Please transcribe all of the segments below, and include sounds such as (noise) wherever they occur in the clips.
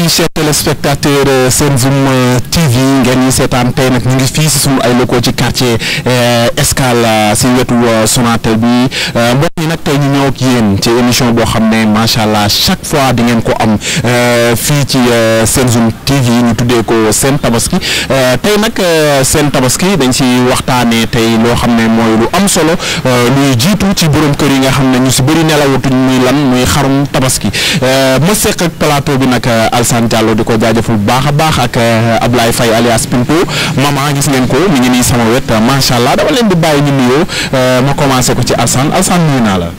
merci chers téléspectateurs euh, Senzoom euh, TV ngeen ñi seetaan tey nag ñu ngi fii si suñu ay locaux ci quartier euh, Escale si wetu Sonatel bi mbokk yi nag tey ñu ñëw ak yéen ci émission boo xam ne macha allah chaque fois di ngeen ko am fii ci seen Senzoom TV ñu tuddee ko seen tabaski tey nag seen tabaski dañ si waxtaanee tey loo xam ne mooy lu am solo luy jiitu ci boroom kër yi nga xam ne ñu si bëri nelawatuñ muy lan muy xarum tabaski ma seq ak bi nag Alassane Diallo di ko jaajëfal bu baax a baax ak eh, Ablaye Faye alias ma maman gis ngeen ko mi ngi nii sama wet macha allah dama leen di bàyyi ñu nuyoo eh, ma commencé ko ci Alassane Alassane nuyu naa la.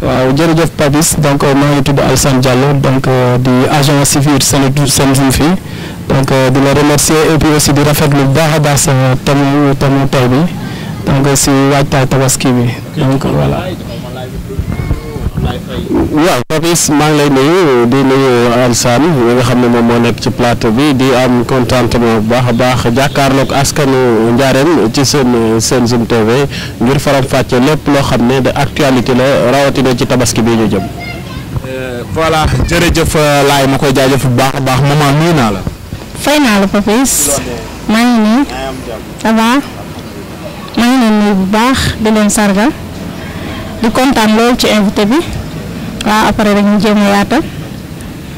waaw jërëjëf Papis donc euh, maa ngi tudd Alassane Diallo donc euh, di agent civil Senzoom fii donc euh, di la remercier et puis aussi di rafetlu bu baax a baax sa thème thème tey bi donc si waajtaay tabaski bi donc voilà. waaw Papis maa ngi lay nuyu di nuyu Alsaan mi nga xam ne moom moo nekk ci plateau bi di am contentement bu baax a baax jàkkaar jàkkaarloog askanu Njaareem ci seen seen Zoom ngir faram-fàcce lépp loo xam ne de actualité la rawatina ci tabaski bii ñu jëm. Euh, voilà jërëjëf euh, laay ma koy jaajëf bu baax a baax maman nuyu naa la. fay naa la Papis maa ngi nii ça maa ngi leen bu baax di leen sargal di kontaan lool ci invité bi. waaw après rek ñu jéem a yaatal.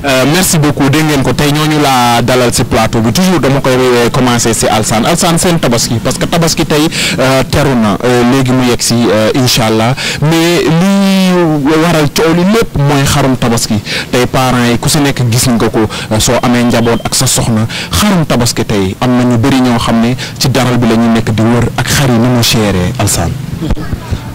Euh, merci beaucoup dégg ngeen ko tey ñoo ñu laa dalal si plateau bi toujours dama koy commencé si Alsaan Alsaan seen tabaski parce que tabaski tey euh, teru na euh, léegi mu yegg si incha allah mais li waral coow li lépp mooy xarum tabaski tey parents yi ku si nekk gis nga ko soo amee njaboot ak sa soxna xarum tabaski tey am na ñu bëri ñoo xam ne ci daral bi la ñu nekk di wër ak xar yi ni mu chéré Alsaan. (laughs)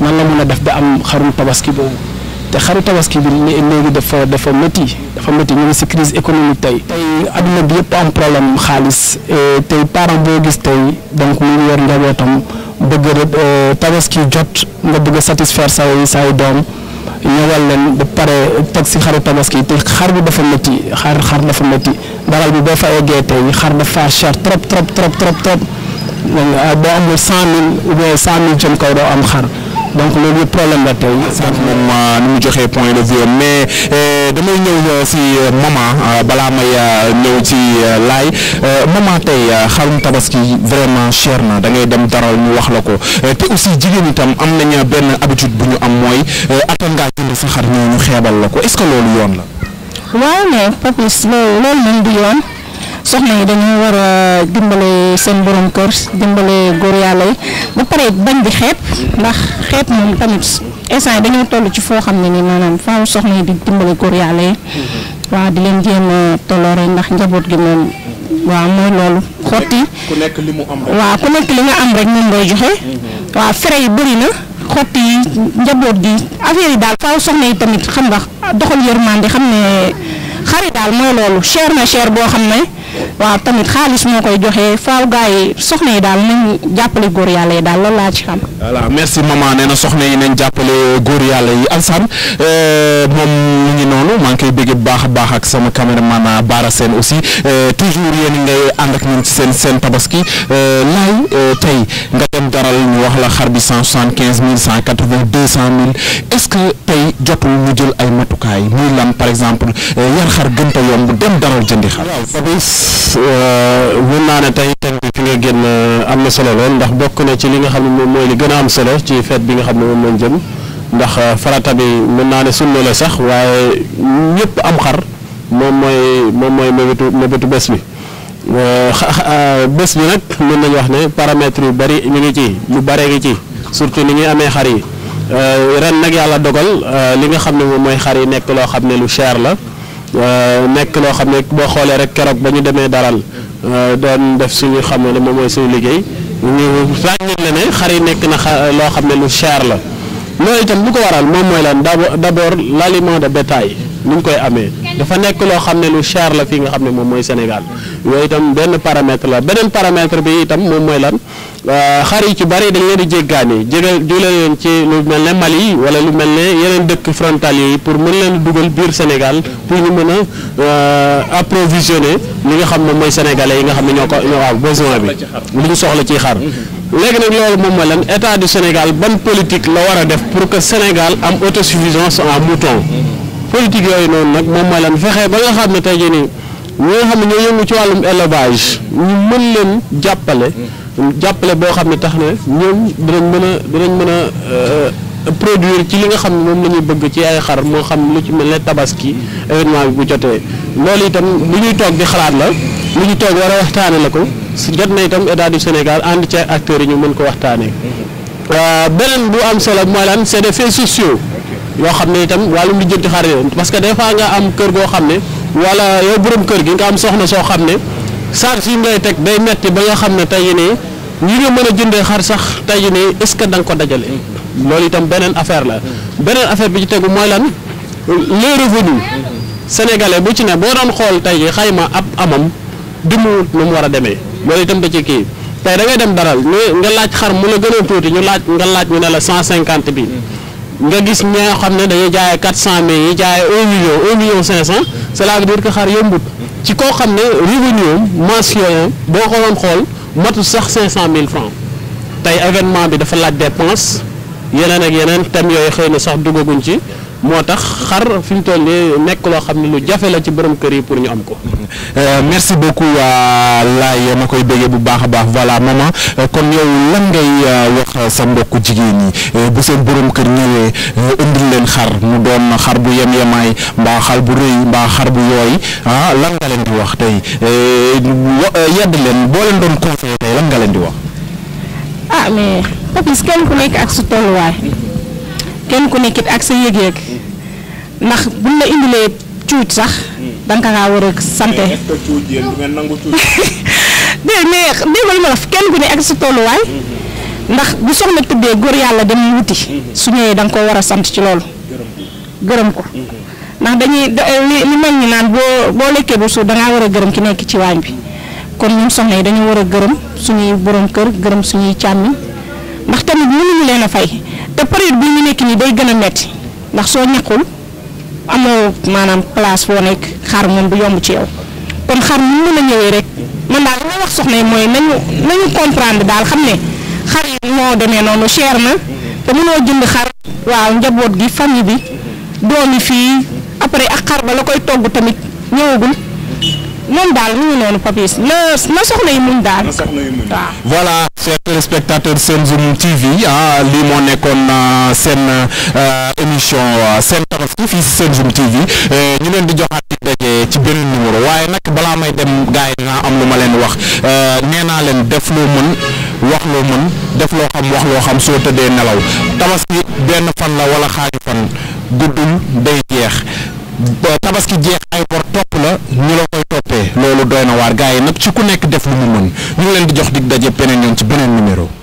nan la mën a def ba am xarum tabaski boobu te xaru tabaski bi léegi dafa dafa métti dafa métti ñu ngi si crise économique tey. tey adduna bi yëpp am problème xaalis euh, tey parent boo gis tey donc mu ngi yor njabootam bëgg euh, tabaski jot nga bëgg a satisfaire say say doom ñëwal leen ba pare teg si xaru tabaski te xar bi dafa métti xar xar dafa métti daral bi boo fa eggee tey xar dafa cher trop trop trop trop trop boo amul cent mille ou bien cent mille jëm kaw doo am xar. donc loolu yëpp problème la tey. sant moom euh, ni mu joxee point de vue mais euh, damay ñëw euh, si maman balaa may ñëw ci laay maman tey xarum tabaski vraiment cher na da ngay dem daral mu wax la ko te aussi jigéen tam am nañ benn habitude bu ñu am mooy atam ngaa jënd sa xar ñu xeebal la ko est-ce que loolu yoon la. waaw Papis loolu loolu moom du yoon. soxna yi dañoo war a dimbale seen borom kër dimbale góor yàlla yi ba pare bañ di xeeb ndax xeeb moom tamit instant yi dañoo toll ci foo xam ne ni maanaam faaw soxna yi di dimbale góor yàlla yi waaw di leen jéem a tolloore ndax njaboot gi moom waaw mooy loolu xotti ku mu am rek ku nekk li nga am rek moom ngay joxe waa frais yi bëri na xotti yi njaboot gi affaire yi daal faaw soxna yi tamit xam nga doxal yërmande xam ne xari daal mooy loolu cher na cher boo xam ne waaw tamit xaalis moo koy joxe faaw gars yi soxna yi daal nañ jàppale góor yàlla yi daal loolu laa ci xam. voilà merci maman nee na soxna yi nañ jàppale góor yàlla yi alsaan euh, moom mu ngi noonu maa ngi koy bëgg bu baax a baax ak sama caméraman Baara seen aussi euh, toujours yéen ngay ci seen seen tabaski euh, laay euh, tey nga dem daral mu wax la xar bi cent soixante quinze mille cent quatre vingt deux cent mille est ce que tey jotu ñu jël ay matukaay muy lan par exemple euh, yar xar gën a bu dem daral jëndi xar. waaw mën naa ne tey thème bi nga génn am na solo lool ndax bokk na ci li nga xam ne moom mooy li gën a am solo ci fête bi nga xam ne moom mooy jëm ndax farata bi mën naa ne sunna la sax waaye ñëpp am xar moom mooy moom mooy mébétu mébétu bés bi. Euh, (laughs) bés bi nak mën nañ wax né paramètre yu bari ñu ngi ci yu bari ngi ci surtout ni ñuy amé xar yi euh, ren nak yalla dogal euh, li nga xamné moy moom mooy xar yi nekk loo xam lu cher la euh nek lo xamné bo xolé rek kérok bañu démé daral euh doon def suñu xamné mo moy suñu liggéey ñu ràññil la né xar yi nekk na lo xamné lu cher la loolu tam bu ko waral mom moy lan d'abord l'aliment de bétail ñu koy amé dafa nek lo xamné lu cher la fi nga xamné mom moy Sénégal yooyu itam benn paramètre la beneen paramètre bi itam moom mooy lan euh, xar yi ci bari dañ leen di jéggaani jégal jëlee leen ci lu mel ne Mali wala lu mel ne yeneen dëkk frontalier yi pour mën leen dugal biir Sénégal pour ñu mën a euh, approvisionner li nga xam ne mooy sénégalais yi nga xam ne ñoo ko ñoo am besoin bi li ñu soxla ci xar léegi nag loolu moom mooy lan état du Sénégal ban politique la war a def pour que Sénégal am autosuffisance en mouton politique yooyu noonu nag ñi nga xam ne ñoo yëngu ci wàllum élevage ñu mën leen jàppale jàppale boo xam ne tax ne ñoom dinañ mën a dinañ mën a euh, produire ci li nga xam ne moom la ñuy bëgg ci ay xar moo xam lu ci mel ne tabaski événement bi bu jotee loolu itam lu ñuy toog di xalaat la lu ñu toog war a waxtaane la ko jot na itam état du Sénégal ànd ci acteurs yi ñu mën ko waxtaanee beneen bu am solo mooy lan c'est des faits sociaux yoo xam ne itam wàllum lijjanti xar parce que des fois nga am kër goo xam ne wala yow borom kër gi nga am soxna soo xam ne charge yi ngay teg day metti ba nga xam ne tey nii ñi nga mën a jëndee xar sax tey nii est-ce que da nga ko dajale. loolu itam beneen affaire la. beneen affaire bi ci tegu mooy lan les revenus sénégalais bu ci ne boo daan xool tey jii xayma ab amam dimbali nu mu war a demee loolu itam da ci kii tey da ngay dem daral nga laaj xar mu la gën a tuuti ñu laaj nga laaj ñu ne la cent cinquante bi. nga gis ñoo xam ne dañuy jaayee quatre cent mille yi jaayee un million un million cinq cent cela veut dire que xar yombut ci koo xam ne revenu mensuel boo ko doon xool matul sax cinq cent mille francs tey événement bi dafa laaj dépense yeneen ak yeneen thèmes yooyu xëy na sax duggaguñ ci. moo tax xar fi mu toll nii nekk loo xam ne lu jafe la ci borom kër yi pour ñu am ko. Euh, merci beaucoup Laye ma koy déggee bu baax a baax voilà maman euh, kon yow lan ngay euh, wax sa mbokku jigéen ñi bu seen borom kër ñëwee indil leen xar mu doon xar bu yem yemaay mbaa xar bu rëy mbaa xar bu yooy ah lan nga leen di wax tey yedd leen boo leen doon conseillé tey lan nga leen di wax. ah mais Papis kenn ku nekk ak su tolluwaay kenn ku nekkit ak sa yëg-yëg. ndax buñ la indilee cuuj sax. Hmm. danga kaa war a sant. mais est-ce que cuuj yéen du ngeen nangu cuuj. dégg nga dégg ma la kenn ku ne ak sa tolluwaay. Hmm. ndax bu soxna tëddee góor yàlla dem wuti. Hmm. su ñëwee da nga koo war a sant ci loolu. gërëm ko ndax dañuy eh, li mag ñi naan boo boo lekkee ba suur da ngaa war a gërëm ki nekk ci waañ bi kon ñun soxna yi dañu war a gërëm suñuy borom kër gërëm suñuy càmmiñ ndax tamit mënuñu leen a fay te période bi ñu nekk nii day gën a metti ndax soo ñaqul. amoo maanaam place foo nekk xar moom bu yomb ci yow kon xar mu mën a ñëwee rek man daal li ma wax soxna yi mooy nañu nañu comprendre daal xam ne xar yi moo demee noonu cher na te mënoo jënd xar waaw njaboot gi famille bi doom yi fii après ak xar ba la koy togg tamit ñëwagul moom daal mu ngi noonu Papis na soxna yi muñ daal. na spectateur seen Senzoom TV ah lii moo nekkoon ah, seen ah, émission ah, seen tabaski fii si Senzoom TV eh, ñu leen di joxaat di daje ci beneen numéro waaye nag balaa may dem gars yi naa am lu ma leen wax eh, nee naa leen def loo mën wax loo mën def loo xam wax loo xam soo tëddee nelaw tabaski benn fan la wala xaaju fan guddul day jeex. Euh, tabaski jeex ay bor topp la ñu la koy toppee loolu doy na waar gars yi nag ci ku nekk def lu mu mën ñu leen di jox dig daje peneen yoon ci beneen numéro.